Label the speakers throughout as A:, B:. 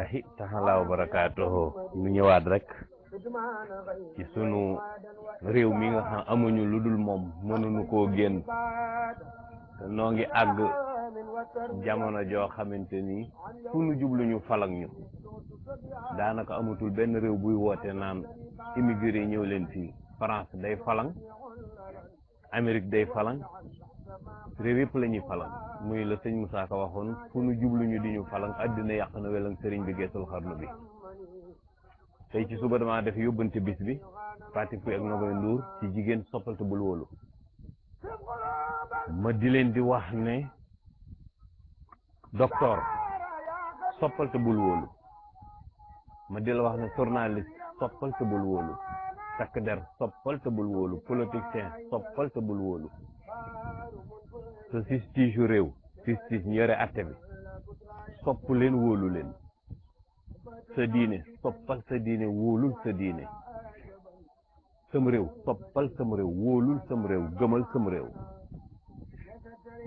A: ahi taxalaa wa barakaatuhu ñu ñëwaat rek ci sunu réew mi nga xam amuñu lu dul moom mënuñu ko génn noo ngi àgg jamono joo xamante ni fu nu jublu ñu falak ñu daanaka amatul benn réew buy woote naan immigré ñëw leen fii France day falang Amérique day falang réew yëpp la ñuy falang muy le seigne Moussa Ka waxone fu nu jubluñu falang àddina yakna welang sering bi gessul xarnu bi tay ci suba dama def yobante bis bi Fatick ak Nogoy Ndour ci jigen sopalte bul wolu ma di len di wax ne docteur sopalte bul wolu ma di la wax ne journaliste sopalte bul wolu der bul wolu politicien sopalte bul wolu te justice yu réew justice ñu yore bi sopp leen wóolu leen sa diine soppal sa diine wóolul sa diine sam réew soppal sam réew wóolul sam réew gëmal sam réew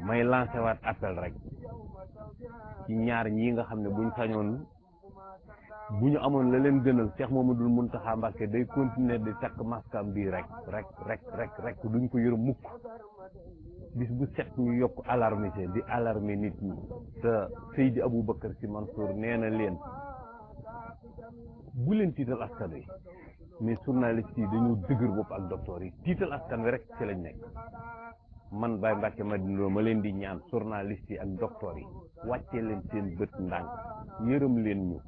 A: may lancé appel rek ci ñaar ñi nga xam ne buñ sañoon bu ñu amoon la leen gënal Cheikh mun Mountakha Mbacké day continuer di takk maskam bii rek rek rek rek rek duñ ko yërëm mukk bis bu set ñu yokk alarme ci di alarme nit ñi te Seydi Aboubacar Sy Mansour nee na leen bu leen tiital askan wi mais journaliste yi dañoo dëgër bopp ak docteur yi tiital askan wi rek ci lañ nekk man Baye Mbacké Madina Lo ma leen di ñaan journaliste yi ak docteur yi wàccee leen seen bët ndànk yërëm leen ñu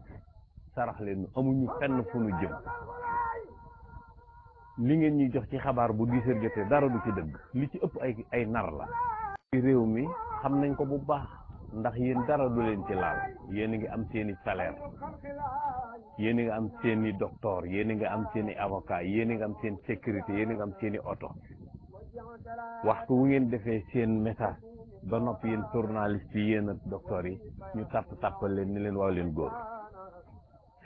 A: sarax leen amuñu fenn fu nu jëm li ngeen ñuy jox ci xabaar bu diiseer jotee dara du ci dëgg li ci ëpp ay ay nar la ci réew mi xam nañ ko bu baax ndax yéen dara du leen ci laal yéen a ngi am seeni salaire yéen a ngi am seeni docteur yéen a ngi am seeni avocat yéen a ngi am seen sécurité yéen a am seeni oto waxtu wu ngeen defee seen message ba nopp yéen journaliste yi yéen ak docteur yi ñu tàpp tàppal leen ni leen waaw leen góor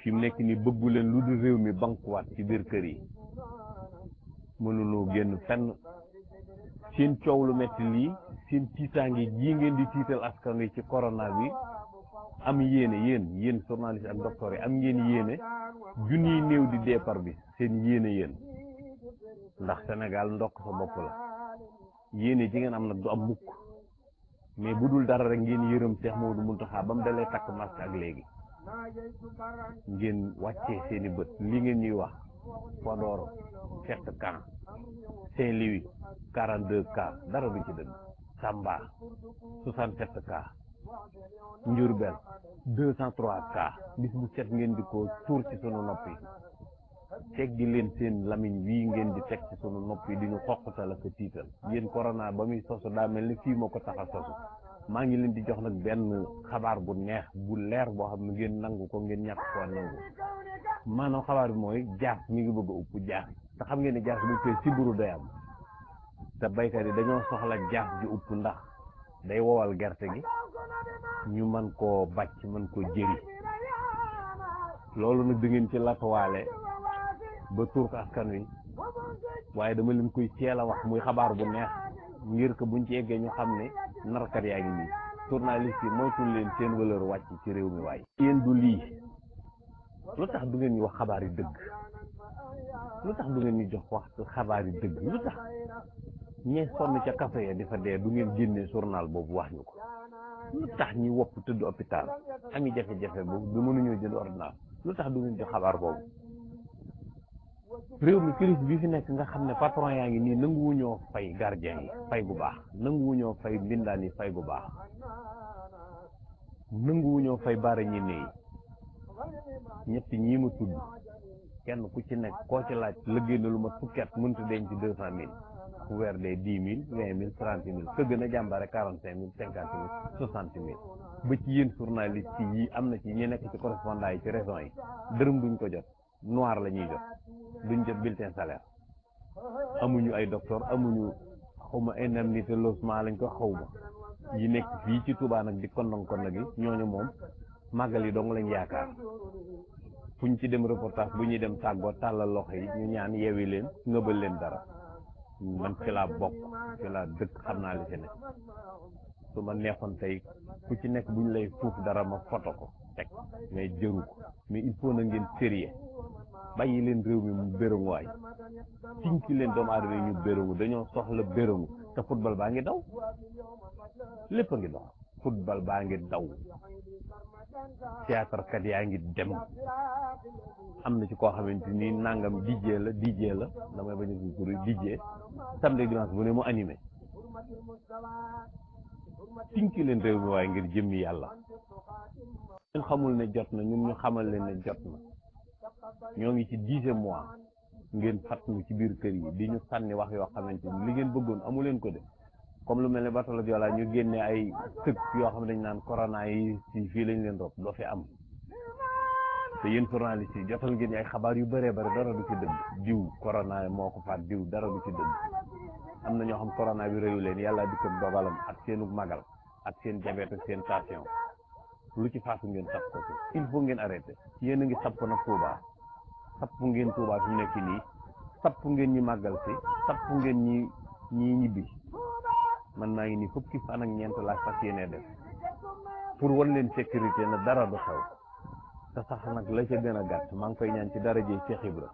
A: fi nekk ni bëgguleen leen lu dul réew mi bankuwaat ci biir kër yi mënuloo génn fenn seen coow lu metti lii seen tiitaange jii ngeen di tiital askan wi ci corona bi am yéene yéen yéen journaliste ak docteur yi am ngeen yéene junniy néew di départ bi seen yéene yéen ndax Sénégal ndokk sa bopp la yéene ji ngeen am nag du am mukk mais bu dul dara rek ngeen yërëm Cheikh Mamadou Mountakha ba mu dalee takk masque ak léegi ngeen wàcce seeni bët li ngeen ñuy wax Podor fekk camp Saint-Louis 42 cas dara du ci dëgg Tamba 67 cas Ndiourbel 203 cas bis bu set ngeen di ko tuur ci sunu noppi teggi leen seen lamiñ wii ngeen di teg ci sunu noppi di ñu xoqtal ko tiital yéen corona ba muy sosu daa mel ni fii moo ko tax sosu maa ngi leen di jox nag benn xabaar bu neex bu leer boo xam ne ngeen nangu ko ngeen ñàkk koo nangu maanaam xabaar bi mooy jaas mi ngi bëgg a upp jaas te xam ngeen ne jaas bu fee si buru doy te baykat yi dañoo soxla jaas ji upp ndax day wowal gerte gi ñu mën koo bàcc mën koo jëri loolu nag di ngeen ci latawaale ba tuur askan wi waaye dama leen koy teel a wax muy xabaar bu neex ngir ko buñ ci eggee ñu xam ne narkat yaa ngi nii journaliste yi moytul leen seen valeur wàcc ci réew mi waaye yéen du lii lu tax du ngeen ñu wax xabaar yi dëgg lu tax du ngeen ñu jox wax xabaar yi dëgg lu tax ñee sonn ca kafe ya di fa dee du ngeen génne journal boobu wax ñu ko lu tax ñi wopp tëdd hôpital ami jafe-jafe boobu du mënuñoo jënd ordonnance lu tax du ngeen jox xabaar boobu réew mi crise bi fi nekk nga xam ne patron yaa ngi nii nanguwuñoo fay gardien yi fay bu baax nanguwuñoo fay mbindaan yi fay bu baax nanguwuñoo fay baara ñi ne yi ñett ñii ma tudd kenn ku ci nekk koo ci laaj liggéey na lu ma fukket mënta denc deux cent mille ku weer dee dix mille mil mille trente këgg na gën a jàmbaare quarante cinq mille cinquante mille soixante mille ba ci yéen yi am na ci ñu nekk ci correspondant yi ci région yi dërëm duñ ko jot noir la ñuy jot duñ jot bulletin salaire amuñu ay docteur amuñu xawma indemnité logement lañ ko xawma yi nekk fii ci Touba nag di kondong kondong gi ñooñu moom màggal yi dong lañ yaakaar fu ñu ci dem reportage bu ñuy dem tàggoo tàllal loxo yi ñu ñaan yewi leen ngëbal leen dara man ci bokk ci dëkk xam naa li ci ne su ma neexoon tey ku ci nekk bu ñu lay fuuf dara ma foto ko teg
B: mais jëru ko
A: mais il faut na ngeen sérieux bàyyi leen réew mi mu béréngu waay cinki leen doomu aadama yi ñu béréngu dañoo soxla béréngu te football baa ngi daw lépp a ngi dox football baa ngi daw théâtre kat yaa ngi dem am na ci koo xamante ni nangam DJ la DJ la damay bañ a suñu DJ samedi dimanche bu ne mu animé
B: tinki leen réew mi waaye
A: ngir jëmmi yàlla. ñun xamul ne jot na ñun ñu xamal leen ne jot na. ñoo ngi ci dixième mois ngeen fàttali ci biir kër yi di ñu sànni wax yoo xamante ni li ngeen bëggoon amu leen ko de comme lu mel ne bateau Joola ñu génne ay sëg yoo xam ne dañ naan corona yi ci fii lañ leen rob doo fi am te yéen journaliste yi jotal ngeen ay xabaar yu bëree bëri dara du ci dëgg diw corona moo ko faat diw dara du ci dëgg am na ñoo xam corona bi réyu leen yàlla di ko dogalam ak seenu magal ak seen jabet ak seen tension lu ci faatu ngeen sab ko il faut ngeen arrêté yéen a ngi sab ko nag Touba sapp ngeen Touba fi mu nekk nii sapp ngeen ñi màggal si sapp ngeen ñi ñi ñibbi man maa ngi nii fukki fan ak ñeent laa fas yéenee def pour wan leen sécurité na dara du xew te sax nag la ca gën a gàtt maa ngi koy ñaan ci daraje Cheikh Ibra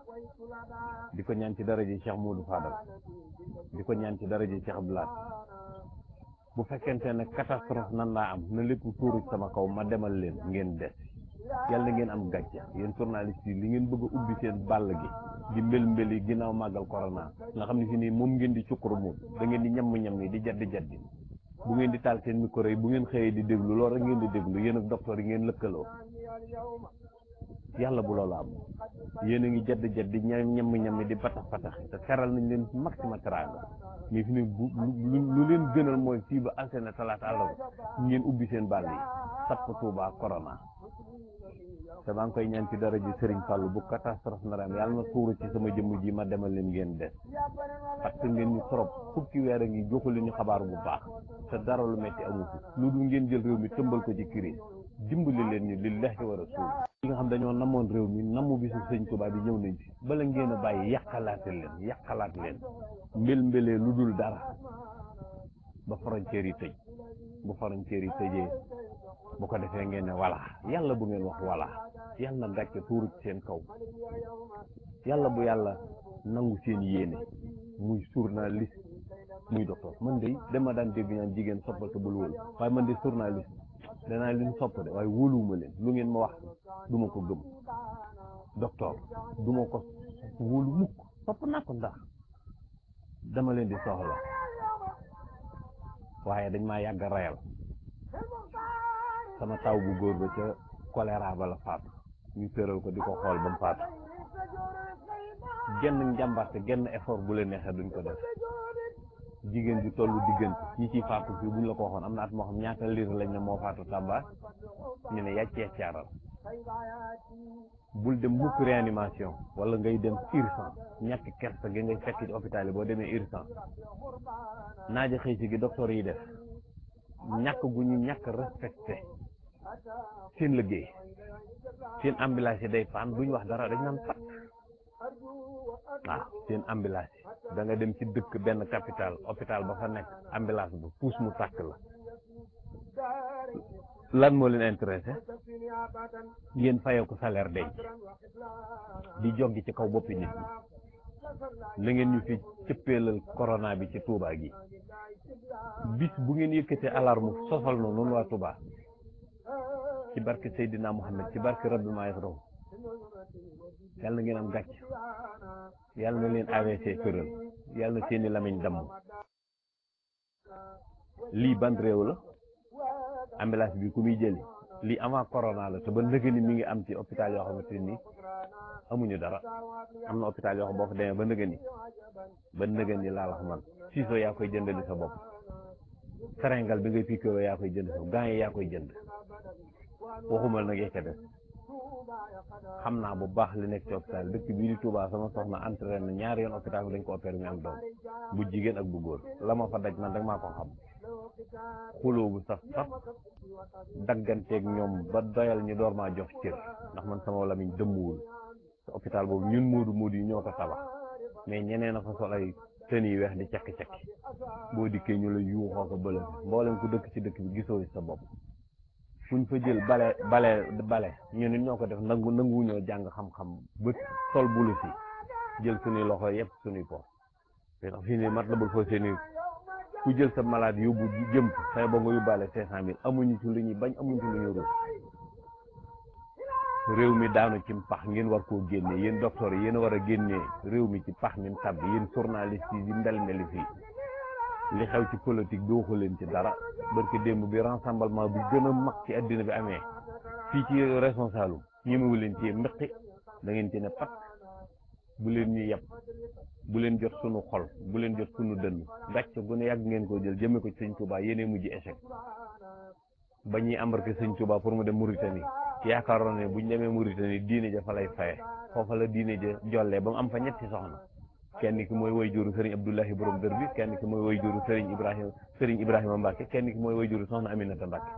A: di ko ñaan ci daraje Cheikh Moudou Fadal di ko ñaan ci daraje Cheikh Blaat bu fekkente ne catastrophe nan laa am na lépp tuuru sama kaw ma demal leen ngeen des
B: yàlla ngeen am gàcce
A: yéen journaliste yi li ngeen bëgg ubbi seen bàll gi di mbel mbel yi ginnaaw màggal corona nga xam ne si nii moom ngeen di cukkuru moom ngeen di ñamm ñam yi di jaddi jaddi bu ngeen di taal seen micro yi bu ngeen xëyee di déglu loolu rek ngeen di déglu yéen ak docteur yi ngeen lëkkaloo yàlla bu loolu am yéen a ngi jadd jadd di ñam ñam ñam di patax patax te xeral nañ leen maximum teraanga mais fi ne lu leen gënal mooy fii ba alsena talaata àll ngeen ubbi seen bàll yi ko tuubaa korona te maa ngi koy ñaan ci dara ji sëriñ Fallou bu catastrophe na ram yàlla na tuuru ci sama jëmm ji ma demal leen ngeen des parce que ngeen ñu trop fukki weer a ngi joxu leen ñu xabaar bu baax te dara lu metti amu fi lu dul ngeen jël réew mi tëmbal ko dimbali leen ñu lillahi wa rasul yi nga xam dañoo namoon réew mi namu bisu sëñ Tuubaa bi ñëw nañ ci bala ngeen a bàyyi yàqalaate leen yàqalaat leen mbel mbelee lu dul dara ba frontière yi tëj bu frontière yi tëjee bu ko defee ngeen ne wala yàlla bu ngeen wax wala yàlla na gàcce tuuru seen kaw yàlla bu yàlla nangu seen yéene muy journaliste muy docteur man de dama daan dégg ñaan jigéen soppal te bul wóolu waaye man de journaliste danaa leen sopp de waaye wóoluwuma leen lu ngeen ma wax du ma ko gëm docteur du ma ko wóolu mukk sopp naa ko ndax dama leen di soxla waaye dañ maa yàgg rayal sama taw bu góor ba ca choléra ba la faatu ñu tëral ko di ko xool ba mu faatu genn njàmbarte genn effort bu leen neexee duñ ko def jigéen bi tollu diggante ñi ciy faatu fii buñ la ko waxoon am na at moo xam ñaata liir lañ ne moo faatu Tamba ñu ne yàccee caaral bul dem mukk réanimation wala ngay dem urgence ñàkk kersa gi ngay fekk ci yi boo demee urgence naaja xëy si gi docteur yi def ñàkk gu ñu ñàkk respecté seen liggéey seen ambulance yi day faan duñ wax dara dañ naan pat waaw nah, seen ambulance da nga dem ci dëkk benn capital hôpital ba fa nekk ambulance bu pousse mu tàkk la lan moo leen intéressé ngeen fayeeku salaire denc di joggi ci kaw boppi nit ñi na ngeen ñu fi cëppeelal corona bi ci Touba gi bis bu ngeen yëkkatee alarme sosal na noonu waa Touba ci barke Seydina muhammad ci rabbi maa yasrahu
B: yàlla na ngeen am gàcc yàlla na leen AVC këral
A: yàlla na seeni lamiñ damm lii ban réew la ambulance bi ku muy jëli lii avant corona la te ba nëgë ni mi ngi am ci hôpital yoo xamante ni nii amuñu dara am na hôpital yoo xam boo fa demee ba nëgë ni ba nëgë ni laa la xamal siiso yaa koy jënd di sa bopp seringal bi ngay piqûre yaa koy jënd sa gants yaa koy jënd
B: waxumal nag yecca
A: des xam naa bu baax li nekk ci hôpital dëkk bii di Touba sama soxna entraîné na ñaari yoon hôpital bi dañ ko opéré mi am doom bu jigéen ak bu góor la ma fa daj man rek maa ko xam
B: xuloo bu saf saf
A: dagganteeg ñoom ba doyal ñi door maa jox cër ndax man sama lamiñ dëmmuwul te hôpital boobu ñun moodu moodu yi ñoo ko tabax mais ñeneen a fa sol ay tën yi weex di cekki cekki boo dikkee ñu la yuuxoo ko bële mboolem ku dëkk ci dëkk bi gisoo ci sa bopp kuñ fa jël bale bale bale ñu nit ñoo ko def nangu nangu ñoo jàng xam-xam ba sol bulu jël suñuy loxo yëpp suñuy ko te ndax fii nii mat la bul foo seeni ku jël sa malade yóbbu jëm say ba nga yóbbaale cinq cent mille amuñu ci lu bañ amuñu ci ñu ruus réew mi daanu ci pax ngeen war koo génnee yéen docteur yéen a war a génnee réew mi ci pax mi tab yéen journaliste yi di mbel mbeli fii li xew ci politique dooxu leen ci dara barki démb bi rassemblement bu gën a mag ci àddina bi amee fii ci responsable ñemewu leen ci mbiqi da ngeen ci ne pat bu leen ñu yeb bu leen jot sunu xol bu leen jot sunu dënn gàcc gu ne yàgg ngeen ko jël jëme ko ci sëñ Touba yéenee mujj échec ba ñuy embarqué sëñ Touba pour mu dem Mauritanie yaakaaroon ne bu ñu demee Mauritanie diine ja fa lay faye foofa la diine ja jollee ba mu am fa ñetti soxna kenn ki mooy way juru Serigne Abdoulahi borom dër bi kenn ki mooy way juru Serigne Ibrahima Serigne Ibrahima Mbacke kenn ki mooy way juru soxna Aminata Mbacke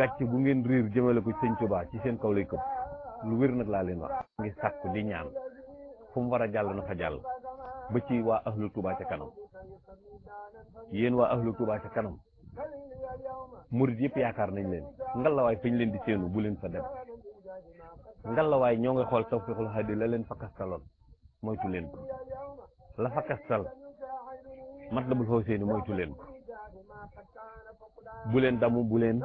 A: gàcc bu ngeen riir jëmale ko sëñ Tuubaa ci seen kaw lay këpp lu wér nag laa leen wax ngi sàkku di ñaan fu mu war a jàll na fa jàll ba ci waa ahlu Tuubaa ca kanam yéen waa ahlu tubaa ci kanam murit yëpp yaakaar nañ leen ngalawaay fañ leen di séenu bu leen fa dem ngalawaay ñoo ngi xool tawfiixul hadi la leen fa kastaloon moytu leen ko la fa kastal matlabul fawseyni moytu leen ko bu leen damu bu leen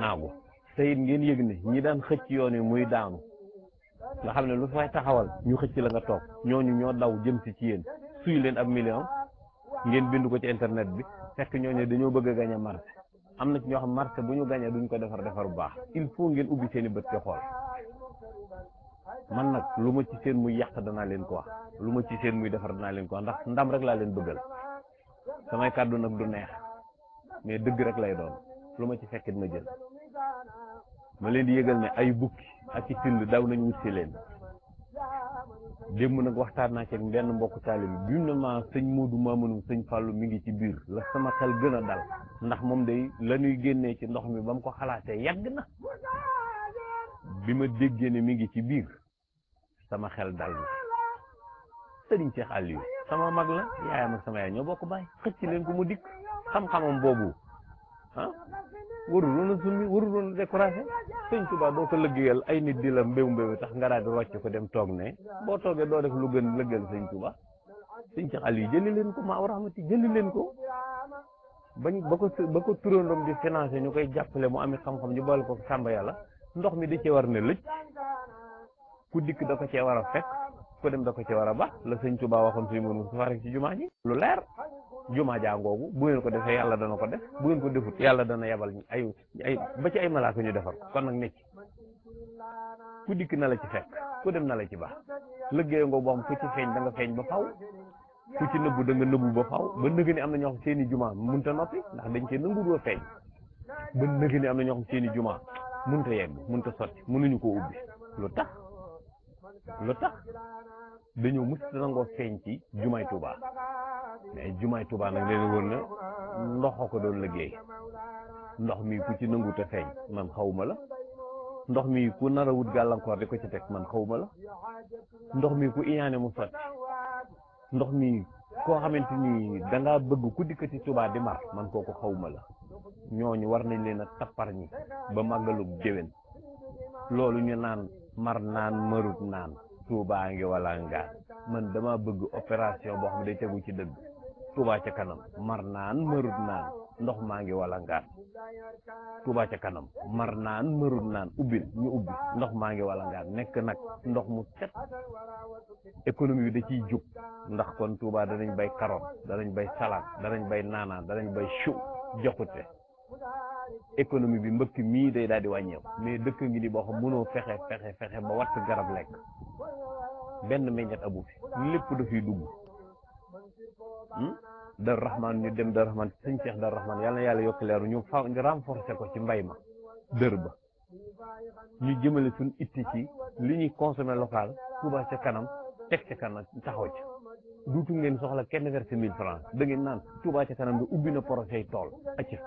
A: naagu te it ngeen yëg ne ñi daan xëcc yoon wi muy daanu nga xam ne lu fay taxawal ñu xëcc la nga toog ñooñu ñoo daw jëm si ci yéen suy leen ak million ngeen bind ko ci internet bi fekk ñooñu dañoo bëgg a gañe am na ci ñoo xam marché bu ñu gañe duñ ko defar defar bu baax il faut ngeen ubbi seen i bët ci xool man nag lu ma ci seen muy yàq danaa leen ko wax lu ma ci seen muy defar danaa leen ko wax ndax ndam rek laa leen bëggal samay kàddu nag du neex mais dëgg rek lay doon lu ma ci fekkit ma jël ma leen di yëgal ne ay bukki ak i till daw nañ wut si leen démb nag waxtaan naa ci ak benn mbokku taalibi bi mu ne ma sëñ Modou Mamounum sëñ Fallou mi ngi ci biir la sama xel gën a dal ndax moom day la ñuy génnee ci ndox mi ba mu ko xalaatee yàgg na bi ma déggee mi ngi ci biir sama xel dal na sëriñ Cheikh Aliou sama mag la yaayam ak sama yaay ñoo bokk bàyyi xëcc leen ko mu dikk xam-xamam boobu ah warul woon a summi warul woon a découragé sëñ Tuba doo ko lëggéeyal ay nit di la mbéw mbéw tax nga daal di rocc ko dem toog ne boo toogee doo def lu gën lëggéeyal sëñ Tuba sëñ Cheikh yi jëli leen ko maa war rahmati jëli leen ko bañ ba ko ba ko turandoom di financé ñu koy jàppale mu ami xam-xam ñu boole ko sàmba yàlla ndox mi di ci war ne ku dikk da ko cee war a fekk ku dem da ko cee war a ba la sëñ Tuubaa waxoon suñu mën Mustafaa rek ci jumaa ji lu leer jumaa jaa ngoogu bu ngeen ko defee yàlla dana ko def bu ngeen ko defut yàlla dana yabal ay ay ba ci ay malaaka ñu defar kon nag nekk ku dikk na la ci fekk ku dem na la ci baax liggéey ngoo boo xam ku ci feeñ da nga feeñ ba faw ku ci nëbbu da nga nëbbu ba faw ba nëgë am na ñoo xam seeni jumaa munta noppi ndax dañ cee nanguwul feeñ ba nëgë am na ñoo xam seeni jumaa munta yegg munta sotti mënuñu koo ubbi lu tax dañoo mus nangoo feeñ ci jumaay Touba mais jumaay Touba nag leen woon na ndoxo ko doon liggéey ndox mi ku ci nangu te feeñ man xawma la ndox mi ku nar gàllankoor di ko ci teg man xawma la ndox mi ku iñaane mu sotti ndox mi koo xamante ni danga bëgg ku ci Touba di mar man kooku xawma la ñooñu war nañ leen a tappar ñi ba màggalub déwén loolu ñu naan mar naan marut naan tuubaa ngi wala ngaan man dama bëgg opération boo xam ne day tegu ci dëgg tuubaa ca kanam mar naan marut naan ndox maa ngi wala ngaan
B: tuubaa ca kanam mar
A: naan marut naan ubbil ñu ubbi ndox maa ngi walla ngaan nekk nag ndox mu set économie bi da ciy jóg ndax kon tuubaa danañ bay carotte danañ bay salade danañ bay naanaan danañ bay chou joxute économie bi mbëkk mii day daal di wàññeeku mais dëkk ngi di boo xam mënoo fexe fexe ba watt garab lekk benn meññet abu fi lépp dafay dugg hmm? dar rahman ñu dem dar rahman sëñ Cheikh dar rahman yàlla na yàlla yokk leeru ñu fa ñu ko ci mbay ma dër ba ñu jëmale suñ itti ci li ñuy consommer local Touba ca kanam teg ca kanam taxaw ca duutu ngeen soxla kenn versé mille francs da ngeen naan Touba ca kanam bi ubbi na projet tool acca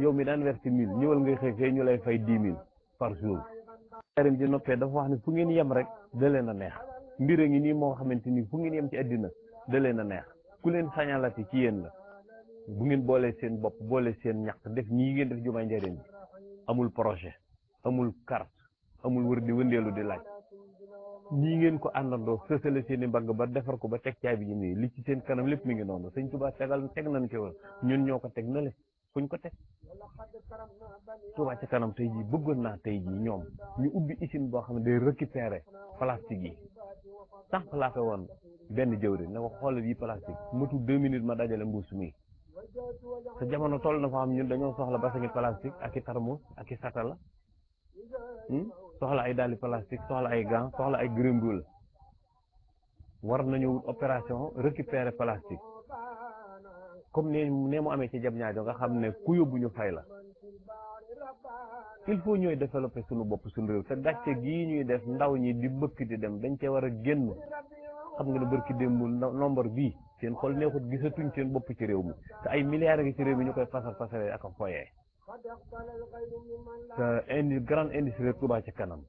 A: yow mi daan verser 1000 ñewal ngay xëy xëy ñu lay fay 10000 par jour karim ji noppé dafa wax ni fu ngeen yam rek da leen na neex mbir ngi ni mo xamanteni fu ngeen yam ci adina da leen na neex ku leen sañalati ci yeen la bu ngeen boolee seen bop boolee seen ñak def ñi ngeen def jumaay ndereen amul projet amul carte amul wër di wëndelu di laaj ñi ngeen ko andando fessel seen i mbagg ba defar ko ba teg caabi bi ni li ci seen kanam lepp mi ngi noonu sëñ tuba tegal tek nañ ci woon ñun ñoko tek na le fuñ ko teg Touba ci kanam tey jii bëggoon naa tey jii ñoom ñu ubbi usine boo xam ne day récupérer plastique yi sax placé woon benn jëwri na ko xoolal yi plastique matu deux minutes ma dajale mbuus mi sa jamono toll na fa xam ñun dañoo soxla basangi plastique ak i tarmus ak i satala hmm? soxla ay dàlli plastique soxla ay gants soxla ay grimbul war nañu opération récupérer plastique comme ne ne mu amee ci jam ñaajo nga xam ne ku yóbbu ñu fay la il faut ñooy développer suñu bopp suñu réew te gàcce gii ñuy def ndaw ñi di bëkk di dem dañ cee war a génn xam nga ne bërki démb nombre bii seen xol neexut gisatuñ seen bopp ci réew mi te ay milliards ngi ci réew mi ñu koy fasal fasale ak a foyee te indi grande industrie Touba ca kanam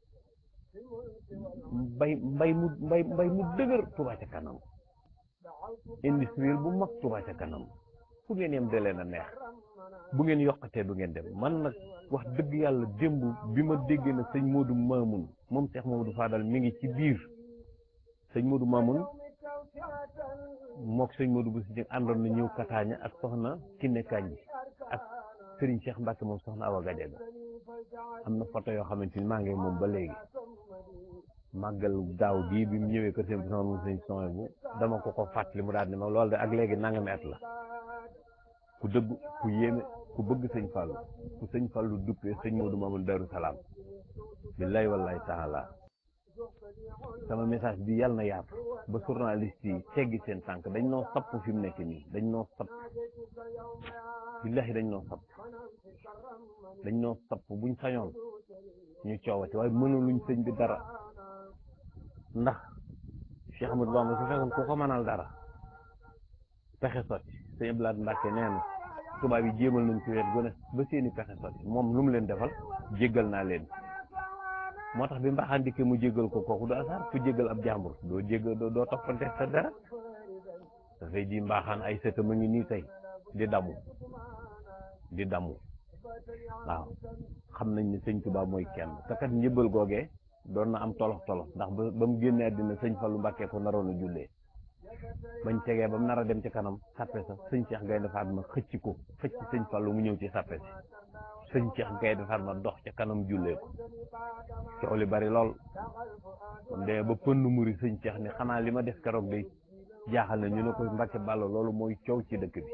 A: mbay mbay mu mbay mbay mu dëgër Touba ca kanam industrie bu mag Touba ca kanam fu ngeen yem dalee na neex bu ngeen yokkatee du ngeen dem man nag wax dëgg yàlla démb bi ma déggee na sëñ Modou Mamoun moom Cheikh Mamadou Fadal mi ngi ci biir sëñ Modou Mamoun mook sëñ Modou bu si àndoon na ñëw Kataaña ak soxna nekkaañ Kanji ak sëriñ Cheikh Mbacke moom soxna Awa Gadiaga am na photo yoo xamante ni maa ngi moom ba léegi màggal daaw gii bi mu ñëwee kër seen bi sama moom sëñ bu dama ko ko fàttali mu daal ni ma loolu de ak léegi nangami at la ku dëgg ku yéeme ku bëgg sëñ Fallou ku sëñ Fallou duppee sëñ Modou Mamoun Darou Salaam billaay wallaay taala sama message bi yàlla na yaatu ba journaliste yi teggi seen tànk dañ noo sapp fi nekk nii dañ noo sapp
B: billahi dañ noo sapp dañ noo
A: sapp buñ sañoon ñu coowati waaye mënuluñ sëñ bi dara ndax Cheikh Ahmadou Bamba su ku ko mënal dara pexe sotti sëñ Abdoulaye Mbacke nee na tuba bi jéemal nañ ci wéet gone ba seeni pexe sot moom lu mu leen defal jéggal naa leen moo tax bi mbaxandike mu jéggal ko kooku du asar ku jéggal ab jàmbur doo jéggal doo toppante sa dara dafay di mbaxaan ay sëtam a ngi nii tey di damu di damu waaw xam nañ ne sëñ tuba mooy kenn te kat njëbbal googee doon na am tolox tolox ndax ba mu génnee àddina sëñ fallu mbàkkee ko naroon a jullee bañ tegee ba mu nar a dem ci kanam sàppe sa sëñ Cheikh Gaynde Fatma xëcc ko xëcc sëñ Fallou mu ñëw ci sàppe si sëñ Cheikh Gaynde Fatma dox ca kanam jullee ko coow li bari lool de ba pënd ni xanaa li ma def keroog day jaaxal na ñu ne ko Mbàkke Bàlla loolu mooy coow ci dëkk bi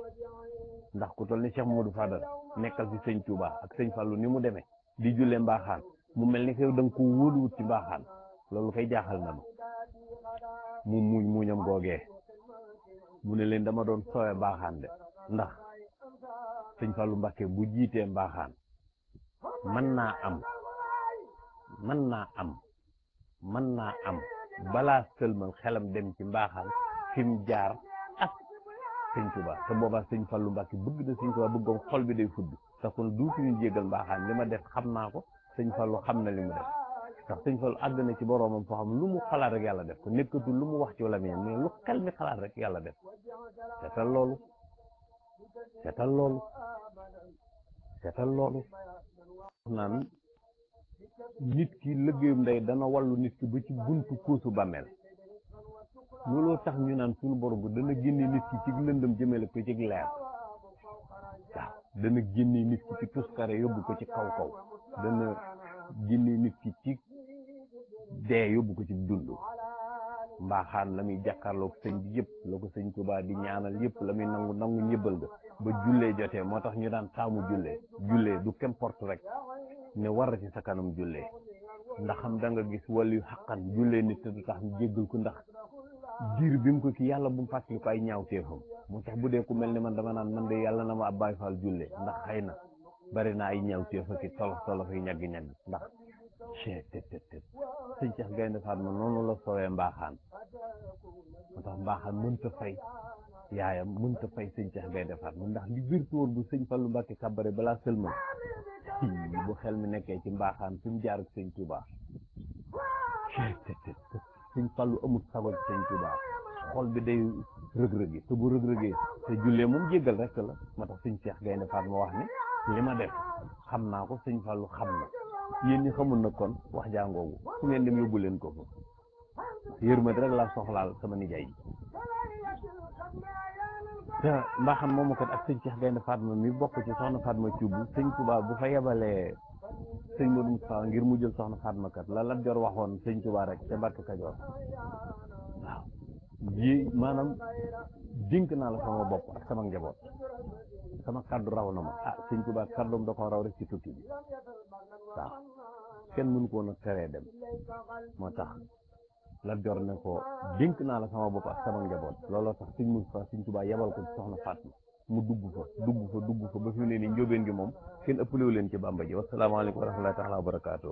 A: ndax ku toll ni Cheikh Modou Fadal nekkal fi sëñ Touba ak sëñ Fallou ni mu demee di jullee mbaaxaan mu mel ni xew da nga ko wóoluwut ci mbaaxaan loolu kay jaaxal na ma mu muñ muñam googee mu ne leen dama doon soowe mbaaxaan de ndax sëñ Fallou Mbacké bu jiitee mbaaxaan mën naa am mën naa am mën naa am balaa sëlmal xelam dem ci mbaaxaan fi mu jaar ak sëñ Touba te boobaa sëñ Fallou Mbacké bëgg na sëñ Touba bëggoon xol bi day fudd te kon duutuñu jégal mbaaxaan li ma def xam naa ko sëñ Fallou xam na li mu def ndax sëñ Fallou àgg na ci boroomam foo xam lu mu xalaat rek yàlla def ko nekkatu lu mu wax ci wala mais lu xel mi xalaat rek yàlla def seetal loolu seetal loolu seetal loolu nit ki liggéeyum ndey dana wàllu nit ki ba ci buntu kuusu bàmmeel looloo tax ñu naan suñu borom bu dana génne nit ki ci lëndëm jëmale ko ci leer waaw dana génne nit ki ci tuskare yóbbu ko ci kaw kaw dana génne nit ki ci dee yóbbu ko ci dund mbaaxaan la muy jàkkaarloog sëñ bi yëpp la ko sëñ Tuubaa di ñaanal yëpp la muy nangu nangu ñëbbal ga ba jullee jotee moo tax ñu daan taamu jullee jullee du qu'importe rek ne war ci sa kanam jullee ndax xam da nga gis wàll yu xaqan jullee nit du tax ñu jéggal ko ndax diir bi mu ko kii yàlla bu mu fàttali ko ay ñaaw téefam moo tax bu dee ku mel ni man dama naan man de yàlla na ma ab Baay Faal jullee ndax xëy na bari na ay ñaaw téef ak tolof tolof ndax sëñ Cheikh Gaynde Fatma noonu la soowee mbaaxaan moo tax mbaaxaan mënta fay yaayam mënta fay sëñ Cheikh Gaynde Fatma ndax li wértuwoor bu sëñ Fallu Mbàkke kàbbare balaa sëlmal bu xel mi nekkee ci mbaaxaan fi mu jaar ak sëñ Tuubaa sëñ Fallu amul sago ci sëñ xol bi day rëg-rëgi te bu rëg-rëgee te jullee moom jéggal rek la moo Cheikh Gaynde Fatma wax def ko sëñ Fallu xam yéen ñi xamul nag kon wax jàngoogu su ngeen dem yóbbu leen ko
B: fa yërmande rek
A: laa soxlaal sama nijaay ji te mbaaxam moomu kat ak sëñ Cheikh Gaynde Fatma mi bokk ci soxna Fatma Cuub sëñ Tuubaa bu fa yebalee sëñ Modou Moustapha ngir mu jël soxna Fatma kat la Lat Joor waxoon sëñ Tuubaa rek te Mbàkke Kajoor waaw ji maanaam dink naa la sama bopp ak sama njaboot sama kaddu raw na ma ah sëñ Tuubaa kaddoom da koo raw rek ci tukki bi baax kenn mënu ko woon a dem moo tax Lat Joor ne ko dénk naa la sama bopp ak sama njaboot looloo tax suñ mu fa suñ Tuubaa yebal ko soxna Fatma mu dugg fa dugg fa dugg fa ba fi mu ne nii njóobeen gi moom kenn ëppalewu leen ci Bàmba ji wasalaamaaleykum wa rahmatullaahi taala wa barakaatu